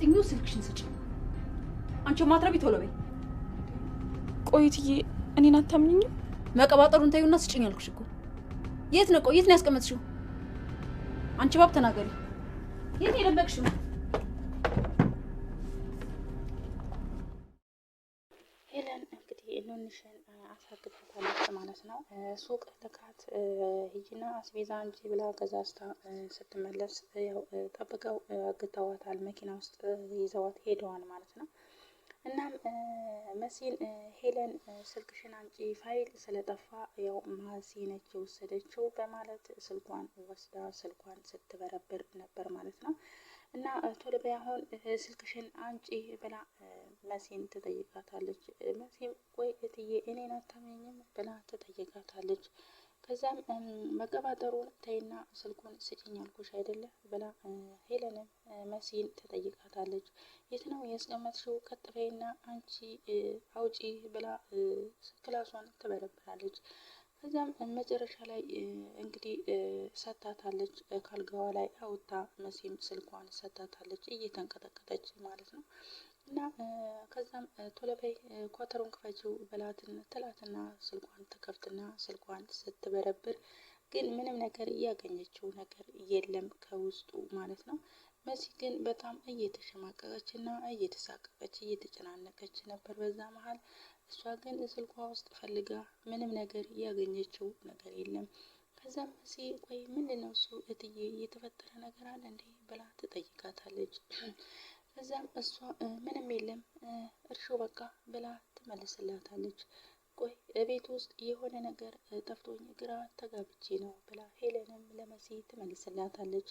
አፍጥኙ ስልክሽን ስጭ። አንቺ ማትረቢ ቶሎ በይ። ቆይትዬ እኔን አታምኝኝ? መቀባጠሩን ተይውና ስጭኝ አልኩሽ እኮ። የት ነው ቆይ፣ የት ነው ያስቀመጥሽው? አንቺ ባብ ተናገሪ፣ የት ነው የደበቅሽው? ሄለን እንግዲህ ኑንሽን አሳግብታል ማለት ነው። ሱቅ ልካት ሂጂና አስቤዛ እንጂ ብላ ገዛዝታ ስትመለስ ያው ጠብቀው አግተዋታል። መኪና ውስጥ ይዘዋት ሄደዋል ማለት ነው። እናም መሲን ሄለን ስልክሽን አንጪ ፋይል ስለጠፋ ያው ማሲ ነች የወሰደችው በማለት ስልኳን ወስዳ ስልኳን ስትበረብር ነበር ማለት ነው። እና ቶሎ በይ አሁን ስልክሽን አንጪ ብላ መሲን ትጠይቃታለች። መሲም ወይ እትዬ እኔን አታመኝም ብላ ትጠይቃታለች። ከዛም መቀባጠሩን ተይና ስልኩን ስጭኝ አልኩሽ አይደለ ብላ ሄለንም መሲን ትጠይቃታለች። የት ነው ያስቀመጥሽው? ቀጥ በይና አንቺ አውጪ ብላ ክላሷን ትበረብራለች። ከዚያም መጨረሻ ላይ እንግዲህ ሰታታለች፣ ካልጋዋ ላይ አውታ መሲም ስልኳን ሰታታለች፣ እየተንቀጠቀጠች ማለት ነው። እና ከዛም ቶሎ በይ ኳተሩን ክፈችው ብላትን ትላትና ስልኳን ትከፍትና ስልኳን ስትበረብር ግን ምንም ነገር እያገኘችው ነገር የለም ከውስጡ ማለት ነው። መሲ ግን በጣም እየተሸማቀቀች እና እየተሳቀቀች እየተጨናነቀች ነበር በዛ መሀል እሷ ግን ስልኳ ውስጥ ፈልጋ ምንም ነገር ያገኘችው ነገር የለም። ከዛም መሲ ቆይ ምንድን ነው እሱ እትዬ የተፈጠረ ነገር አለ እንዴ ብላ ትጠይቃታለች። ከዛም እሷ ምንም የለም እርሾ በቃ ብላ ትመልስላታለች። ቆይ ቤት ውስጥ የሆነ ነገር ጠፍቶኝ ግራ ተጋብቼ ነው ብላ ሄለንም ለመሲ ትመልስላታለች።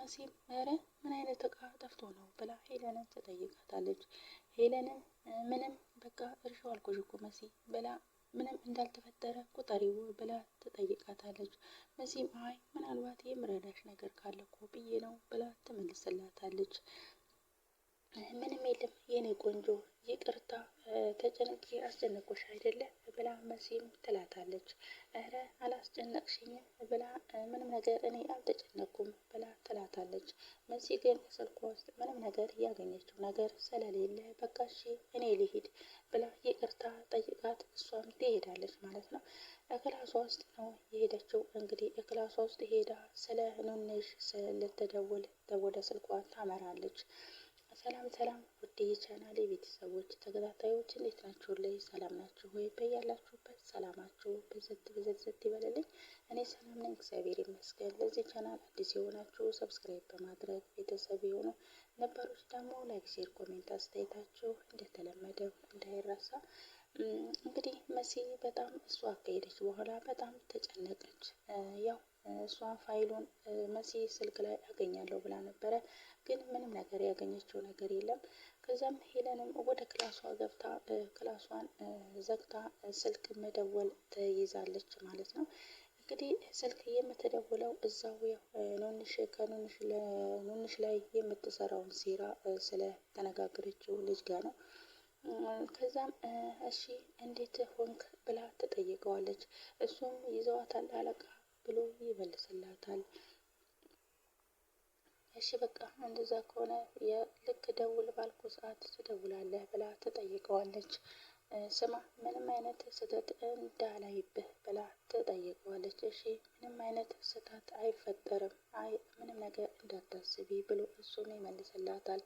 መሲም ኧረ ምን አይነት እቃ ጠፍቶ ነው ብላ ሄለንም ትጠይቃታለች። ሄለንም ምንም በቃ እርሻው አልኮሽኮ መሲ ብላ ምንም እንዳልተፈጠረ ቁጠሪው ብላ ትጠይቃታለች። መሲም አይ ምናልባት የምረዳሽ ነገር ካለ እኮ ብዬ ነው ብላ ትመልስላታለች። ምንም የለም የኔ ቆንጆ ይቅርታ ተጨንቄ አስጨነቆሽ አይደለ ብላ መሲም ትላታለች። እረ አላስጨነቅሽኝም ብላ ምንም ነገር እኔ አልተጨነቅኩም ብላ ትላታለች። መሲ ግን ስልክ ውስጥ ምንም ነገር ያገኘችው ነገር ስለሌለ በቃ እሺ እኔ ልሂድ ብላ ይቅርታ ጠይቃት እሷም ትሄዳለች ማለት ነው። እክላሷ ውስጥ ነው የሄደችው። እንግዲህ እክላሷ ውስጥ ሄዳ ስለ ኑንሽ ልትደውል ወደ ስልኳ ታመራለች። ሰላም ሰላም ውድ የቻናሌ ቤተሰቦች ተከታታዮች እንዴት ናችሁ? ላይ ሰላም ናችሁ ወይ? በያላችሁበት ሰላማችሁ በዘት በዘት ይበልልኝ። እኔ ሰላም ነኝ፣ እግዚአብሔር ይመስገን። ለዚህ ቻናል አዲስ የሆናችሁ ሰብስክራይብ በማድረግ ቤተሰብ የሆኑ ነባሮች ደግሞ ላይክ፣ ሼር፣ ኮሜንት አስተያየታችሁ እንደተለመደው እንዳይረሳ። እንግዲህ መሲ በጣም እሷ ከሄደች በኋላ በጣም ተጨነቀች ያው እሷ ፋይሉን መሲ ስልክ ላይ አገኛለሁ ብላ ነበረ፣ ግን ምንም ነገር ያገኘችው ነገር የለም። ከዚያም ሄለንም ወደ ክላሷ ገብታ ክላሷን ዘግታ ስልክ መደወል ትይዛለች ማለት ነው። እንግዲህ ስልክ የምትደውለው እዛው ኑንሽ ከኑንሽ ላይ የምትሰራውን ሴራ ስለተነጋገረችው ልጅ ጋር ነው። ከዛም እሺ እንዴት ሆንክ ብላ ትጠይቀዋለች። እሱም ይዘዋታል አለቃ ብሎ ይመልስላታል። እሺ በቃ እንደዛ ከሆነ ልክ ደውል ባልኩ ሰዓት ትደውላለህ ብላ ትጠይቀዋለች። ስማ ምንም አይነት ስህተት እንዳላይብህ ብላ ትጠይቀዋለች። እሺ ምንም አይነት ስህተት አይፈጠርም፣ አይ ምንም ነገር እንዳታስቢ ብሎ እሱም ይመልስላታል።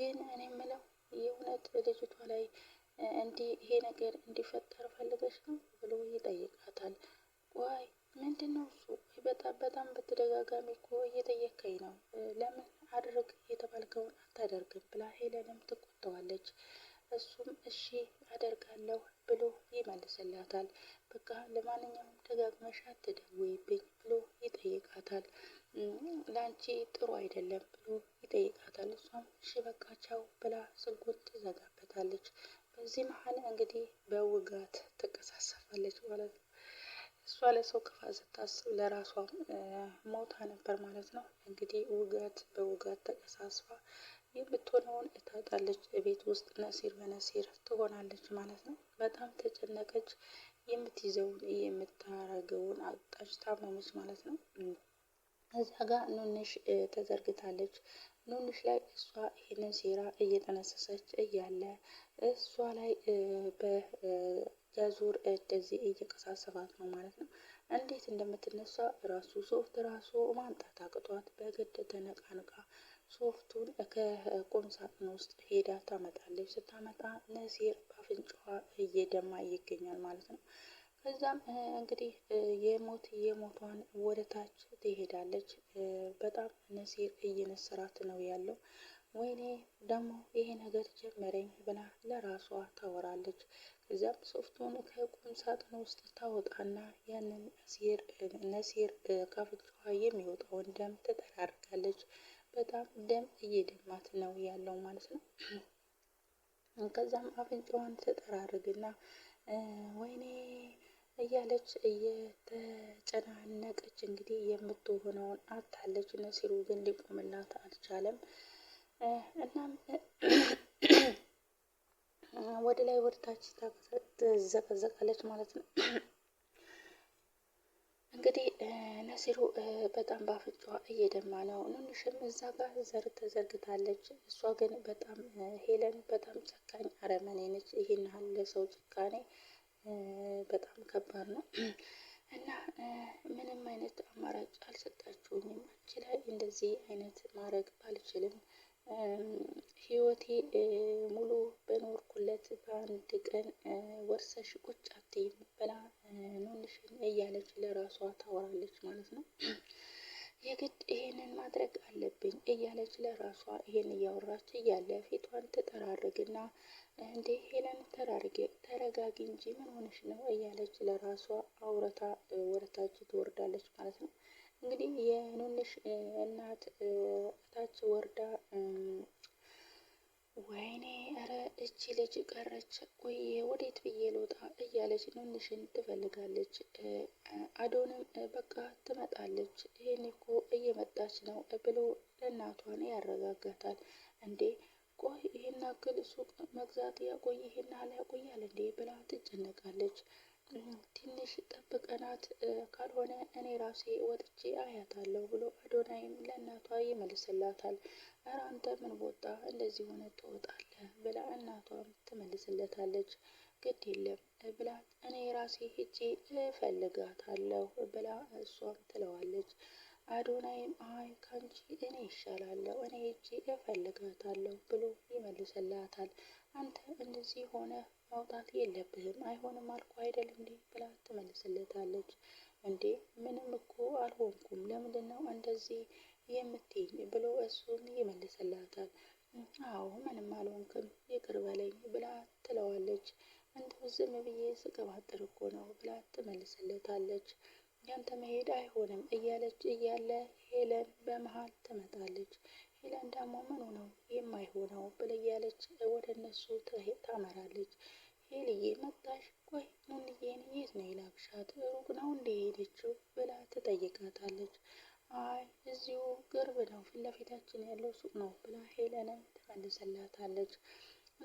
ግን እኔ የምለው የእውነት ልጅቷ ላይ እንዲህ ይሄ ነገር እንዲፈጠር ፈልገች ነው ብሎ ይጠይቃታል። ዋይ ምንድነው እሱ? በጣም በጣም በተደጋጋሚ እኮ እየጠየከኝ ነው። ለምን አድርግ የተባልከውን አታደርግም ብላ ሄለንም ትቆጣዋለች። እሱም እሺ አደርጋለሁ ብሎ ይመልስላታል። በቃ ለማንኛውም ደጋግመሽ አትደውይብኝ ብሎ ይጠይቃታል። ለአንቺ ጥሩ አይደለም ብሎ ይጠይቃታል። እሷም እሺ በቃ ቻው ብላ ስልኩን ትዘጋበታለች። በዚህ መሀል እንግዲህ በውጋት ትቀሳሰፋለች ማለት ነው። እሷ ለሰው ክፋት ስታስብ ለራሷ ሞታ ነበር ማለት ነው። እንግዲህ ውጋት በውጋት ተቀሳስፋ የምትሆነውን እታጣለች። ቤት ውስጥ ነሲር በነሲር ትሆናለች ማለት ነው። በጣም ተጨነቀች። የምትይዘውን የምታረገውን አጣች። ታመመች ማለት ነው። እዛ ጋ ኑንሽ ተዘርግታለች። ኑንሽ ላይ እሷ ይህንን ሴራ እየጠነሰሰች እያለ እሷ ላይ በ እድ እዚህ እየቀሳሰባት ነው ማለት ነው። እንዴት እንደምትነሳ ራሱ ሶፍት ራሱ ማምጣት አቅቷት በግድ ተነቃንቃ ሶፍቱን ከቁም ሳጥን ውስጥ ሄዳ ታመጣለች። ስታመጣ ነሲር አፍንጫዋ እየደማ ይገኛል ማለት ነው። ከዛም እንግዲህ የሞት የሞቷን ወደታች ትሄዳለች። በጣም ነሲር እየነሰራት ነው ያለው። ወይኔ ደግሞ ይሄ ነገር ጀመረኝ ብላ ለራሷ ታወራለች። ከዚያም ሶፍቱን ከቁም ሳጥን ውስጥ ታወጣና ያንን ነሲር ካፍንጫዋ የሚወጣውን ደም ትጠራርጋለች። በጣም ደም እየደማት ነው ያለው ማለት ነው። ከዛም አፍንጫዋን ትጠራርግና ወይኔ እያለች እየተጨናነቀች እንግዲህ የምትሆነውን አታለች። ነሲሩ ግን ሊቆምላት አልቻለም። እናም ወደ ላይ ወደ ታች ትዘቀዘቃለች ማለት ነው። እንግዲህ ነሲሩ በጣም በአፍንጫ እየደማ ነው። ንንሽም እዛ ጋር ዘር ተዘርግታለች። እሷ ግን በጣም ሄለን በጣም ጨካኝ አረመኔ ነች። ይህን ያህል ሰው ጭካኔ በጣም ከባድ ነው እና ምንም አይነት አማራጭ አልሰጣችሁኝም። አንቺ ላይ እንደዚህ አይነት ማድረግ አልችልም ህይወቴ ሙሉ በኖርኩለት በአንድ ቀን ወርሰሽ ቁጭ አትይም ብላ ኑንሽን እያለች ለራሷ ታወራለች ማለት ነው። የግድ ይሄንን ማድረግ አለብኝ እያለች ለራሷ ይሄን እያወራች እያለ ፊቷን ትጠራርግና እንዴ ሄለን ተራርጌ ተረጋጊ እንጂ ምን ሆነሽ ነው እያለች ለራሷ አውረታ ወረታች ትወርዳለች ማለት ነው። እንግዲህ የኑንሽ እናት እታች ወርዳ ወይኔ ኧረ እቺ ልጅ ቀረች፣ ቆየ ወዴት ብዬ ልውጣ እያለች ኑንሽን ትፈልጋለች። አዶንም በቃ ትመጣለች፣ ይህን እኮ እየመጣች ነው ብሎ ለእናቷን ያረጋጋታል። እንዴ ቆይ ይሄን ያክል ሱቅ መግዛት ያቆይ ይሄን ያህል ያቆያል እንዴ ብላ ትጨነቃለች። ትንሽ ጠብቀናት ካልሆነ እኔ ራሴ ወጥቼ አያታለሁ ብሎ አዶናይም ለእናቷ ይመልስላታል። እረ አንተ ምን ቦጣ እንደዚህ ሆነ ትወጣለህ ብላ እናቷም ትመልስለታለች። ግድ የለም ብላ እኔ ራሴ ሄጄ እፈልጋታለሁ ብላ እሷም ትለዋለች። አዶናይም አይ ካንቺ እኔ ይሻላለሁ እኔ ሄጄ እፈልጋታለሁ ብሎ ይመልስላታል። አንተ እንደዚህ ሆነ ማውጣት የለብህም አይሆንም አልኩ አይደል እንዴ ብላ ትመልስለታለች። እንዴ ምንም እኮ አልሆንኩም ለምንድን ነው እንደዚህ የምትይኝ ብሎ እሱም ይመልስላታል። አዎ ምንም አልሆንክም ይቅር በለኝ ብላ ትለዋለች። እንደው ዝም ብዬ ስቀባጥር እኮ ነው ብላ ትመልስለታለች። ያንተ መሄድ አይሆንም እያለች እያለ ሄለን በመሃል ትመጣለች። ሄለን ደግሞ ምኑ ነው የማይሆነው ብለ እያለች ወደ እነሱ ታመራለች። ሄልዬ መጣሽ? ቆይ ሙንዬን የት ነው የላክሻት? ሩቅ ነው እንደ ሄደችው ብላ ትጠይቃታለች። አይ እዚሁ ቅርብ ነው ፊት ለፊታችን ያለው ሱቅ ነው ብላ ሄለንም ትመልስላታለች።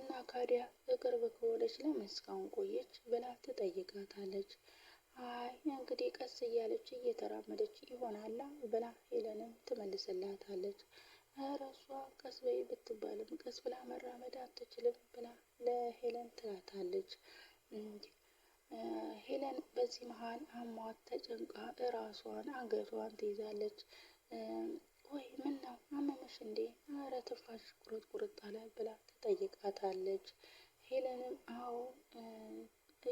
እና ካዲያ በቅርብ ከሆነች ለምን እስካሁን ቆየች ብላ ትጠይቃታለች። አይ እንግዲህ ቀስ እያለች እየተራመደች ይሆናላ ብላ ሄለንም ትመልስላታለች። ራሷ ቀስ በይ ብትባልም ቀስ ብላ መራመድ አትችልም ብላ ለሄለን ትላታለች። ሄለን በዚህ መሀል አሟት ተጨንቃ እራሷን አንገቷን ትይዛለች። ወይ ምን ነው አመመሽ እንዴ? አረ ትንፋሽ ቁርጥ ቁርጥ አለ ብላ ትጠይቃታለች። ሄለንም አዎ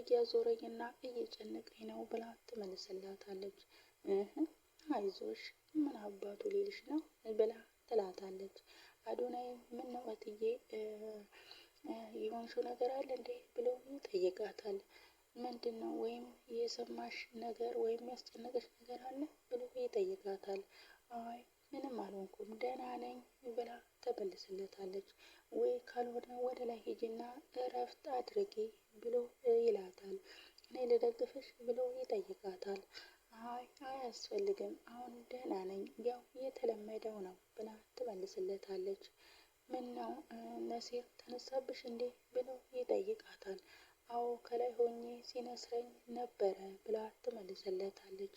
እያዞረኝ እና እየጨነቀኝ ነው ብላ ትመልስላታለች። አይዞሽ ምን አባቱ ሌልሽ ነው ብላ ትላታለች። አዶናይ ምን ነው እትዬ የሆንሽው ነገር አለ እንዴ ብሎ ይጠይቃታል። ምንድን ነው ወይም የሰማሽ ነገር ወይም ያስጨነቀሽ ነገር አለ ብሎ ይጠይቃታል። አይ ምንም አልሆንኩም ደህና ነኝ ብላ ተመልስለታለች። ወይ ካልሆነ ወደ ላይ ሂጂና እረፍት አድርጊ ብሎ ይላታል። እኔ ልደግፍሽ ብሎ ይጠይቃታል። አይ አያስፈልግም፣ አሁን ደህና ነኝ፣ ያው የተለመደው ነው ብላ ትመልስለታለች። ምን ነው ነሲር ተነሳብሽ እንዴ ብሎ ይጠይቃታል። አዎ ከላይ ሆኜ ሲነስረኝ ነበረ ብላ ትመልስለታለች።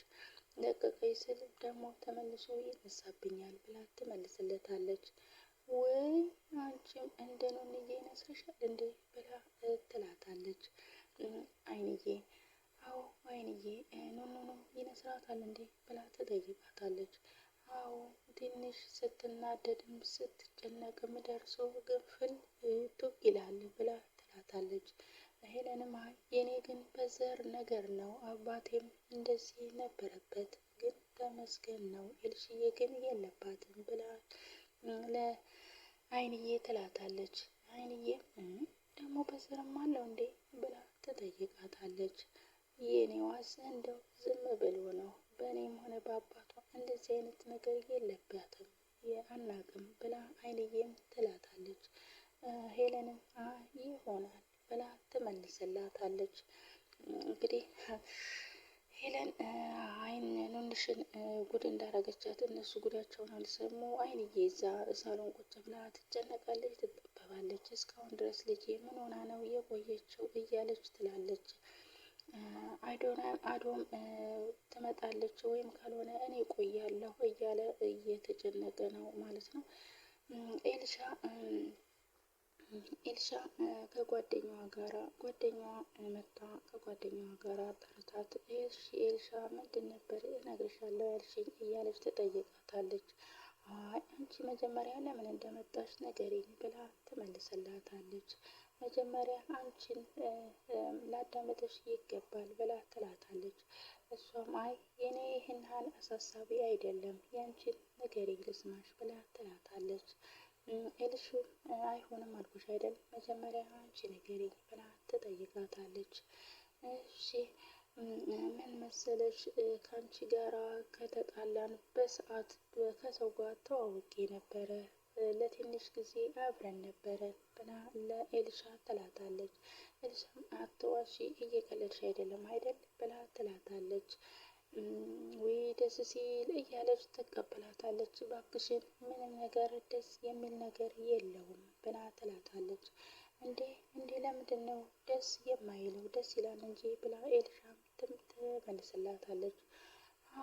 ለቀቀኝ ስል ደግሞ ተመልሶ ይነሳብኛል ብላ ትመልስለታለች። ወይ አንቺም እንደ ኑንዬ ይነስርሻል እንዴ ብላ ትላታለች። አይንዬ አዎ ወይንዬ ኑኑኑ ይነስራታል እንዴ ብላ ትጠይቃታለች። አዎ ትንሽ ስትናደድም ስትጨነቅም ደርሶ ግንፍል ቱግ ይላል ብላ ትላታለች። አይ የኔ ግን በዘር ነገር ነው አባቴም እንደዚህ ነበረበት ግን ተመስገን ነው ኤልሽዬ ግን የለባትም ብላ ለአይንዬ ትላታለች። አይንዬ ደግሞ በዘርም አለው እንዴ ብላ ትጠይቃታለች። የኔዋስ እንደው ዝም ብሎ ነው። በእኔም ሆነ በአባቷ እንደዚህ አይነት ነገር የለባትም አናቅም ብላ አይንዬም ትላታለች። ሄለንም ይሆናል ብላ ትመልስላታለች። እንግዲህ ሄለን አይን ኑንሽን ጉድ እንዳረገቻት እነሱ ጉዳቸውን አልሰሙ። አይንዬ እዛ ሳሎን ቁጭ ብላ ትጨነቃለች፣ ትጠበባለች። እስካሁን ድረስ ልጄ ምን ሆና ነው የቆየችው እያለች ትላለች። አዶም ትመጣለች ወይም ካልሆነ እኔ ቆያለሁ እያለ እየተጨነቀ ነው ማለት ነው። ኤልሻ ኤልሻ ከጓደኛዋ ጋራ ጓደኛዋ መታ ከጓደኛዋ ጋራ ጠርታት ኤልሻ ምንድን ነበር እነግርሻለሁ ያልሽኝ እያለች ትጠይቃታለች። አይ አንቺ መጀመሪያ ለምን እንደመጣሽ ነገሬኝ ብላ ትመልስላታለች። መጀመሪያ አንቺን ላዳመጥሽ ይገባል ብላ ትላታለች። እሷም አይ የኔ ይህን ያህል አሳሳቢ አይደለም የአንቺን ነገር ልስማሽ ብላ ትላታለች። እልሹ አይሆንም አልኩሽ አይደል መጀመሪያ አንቺ ንገሪኝ ብላ ትጠይቃታለች። እሺ ምን መሰለሽ ከአንቺ ጋራ ከተጣላን በሰዓት ከሰው ጋር ተዋውቄ ነበረ ለትንሽ ጊዜ አብረን ነበረን ብላ ለኤልሻ ትላታለች። ኤልሻም አትዋሺ፣ እየቀለድሽ አይደለም አይደል ብላ ትላታለች። ወይ ደስ ሲል እያለች ትቀበላታለች። ባክሽን ምንም ነገር ደስ የሚል ነገር የለውም ብላ ትላታለች። እንዴ እንዴ ለምንድን ነው ደስ የማይለው? ደስ ይላል እንጂ ብላ ኤልሻም ትም መልስላታለች።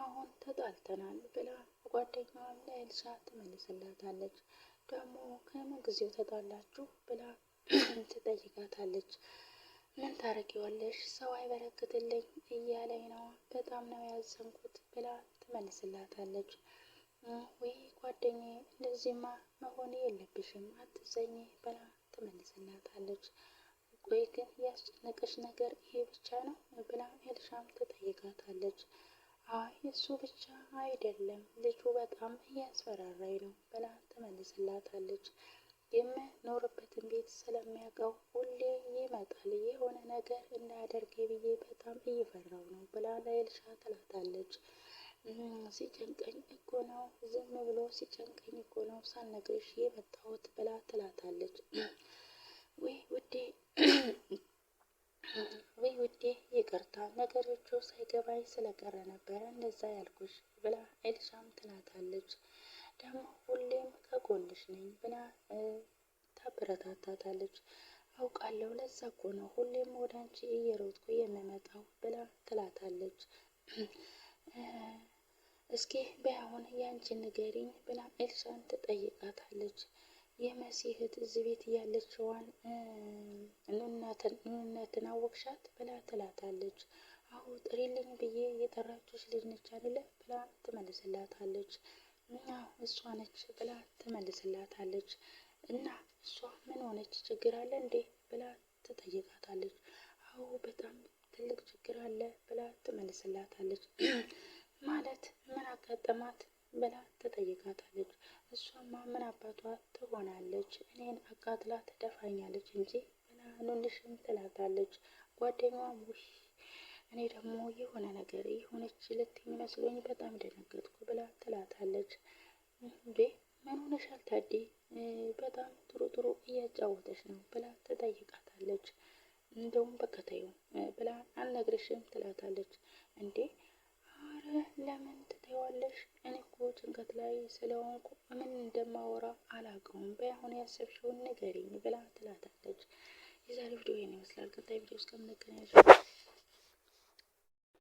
አሁን ተጣልተናል ብላ ጓደኛዋን ለኤልሳ ትመልስላታለች። ደግሞ ከምን ጊዜው ተጣላችሁ ብላ ትጠይቃታለች። ምን ታረጊዋለሽ ሰው አይበረክትልኝ እያለኝ ነው በጣም ነው ያዘንኩት ብላ ትመልስላታለች። ወይ ጓደኛዬ እንደዚህማ መሆን የለብሽም አትዘኝ ብላ ትመልስላታለች። ቆይ ግን ያስጨነቀሽ ነገር ይሄ ብቻ ነው ብላ ኤልሻም ትጠይቃታለች። አይ እሱ ብቻ አይደለም፣ ልጁ በጣም እያስፈራራኝ ነው ብላ ትመልስላታለች። የምኖርበትን ቤት ስለሚያውቀው ሁሌ ይመጣል፣ የሆነ ነገር እንዳያደርግ ብዬ በጣም እየፈራው ነው ብላ ለኤልሻ ትላታለች። ሲጨንቀኝ እኮ ነው ዝም ብሎ ሲጨንቀኝ እኮ ነው ሳልነግርሽ የመጣሁት ብላ ትላታለች። ወይ ውዴ ወይ ውዴ ይቅርታ ነገሮቹ ሳይገባኝ ስለቀረ ነበረ እንደዛ ያልኩሽ ብላ ኤልሻም ትላታለች። ደግሞ ሁሌም ከጎንሽ ነኝ ብላ ታበረታታታለች። አውቃለሁ ለዛ እኮ ነው ሁሌም ወደ አንቺ እየሮጥኩ የምመጣው ብላ ትላታለች። እስኪ በያሁን ያንቺ ንገሪኝ ብላ ኤልሻን ትጠይቃታለች። የመሲህት እህት እዚህ ቤት እያለችዋን ኑነትን አወቅሻት ብላ ትላታለች። አሁ ጥሪልኝ ብዬ የጠራችሽ ልጅ ነች አይደለ ብላ ትመልስላታለች። እና እሷ ነች ብላ ትመልስላታለች። እና እሷ ምን ሆነች ችግር አለ እንዴ ብላ ትጠይቃታለች። አሁ በጣም ትልቅ ችግር አለ ብላ ትመልስላታለች። ማለት ምን አጋጠማት ብላ ትጠይቃታለች። እሷማ ምን አባቷ ትሆናለች እኔን አቃጥላ ትደፋኛለች እንጂ ብላ ትላታለች። ጓደኛዋም ውይ እኔ ደግሞ የሆነ ነገር የሆነች ልትኝ መስሎኝ በጣም ደነገጥኩ ብላ ትላታለች። እንዴ ምን ሆነሻል ታዲ? በጣም ጥሩ ጥሩ እያጫወተች ነው ብላ ትጠይቃታለች። እንደውም በከታዩ ብላ አልነግርሽም ትላታለች። እንዴ አረ ለምን ትተዋለሽ? እኔ እኮ ጭንቀት ላይ ስለሆንኩ ምን እንደማወራ አላውቀውም። በይ አሁን ያሰብሽውን ንገሪኝ ብላ ትላታለች። የዛሬው ቪዲዮ ይህን ይመስላል። ቀጣይ ቪዲዮ እስከምንገናኝ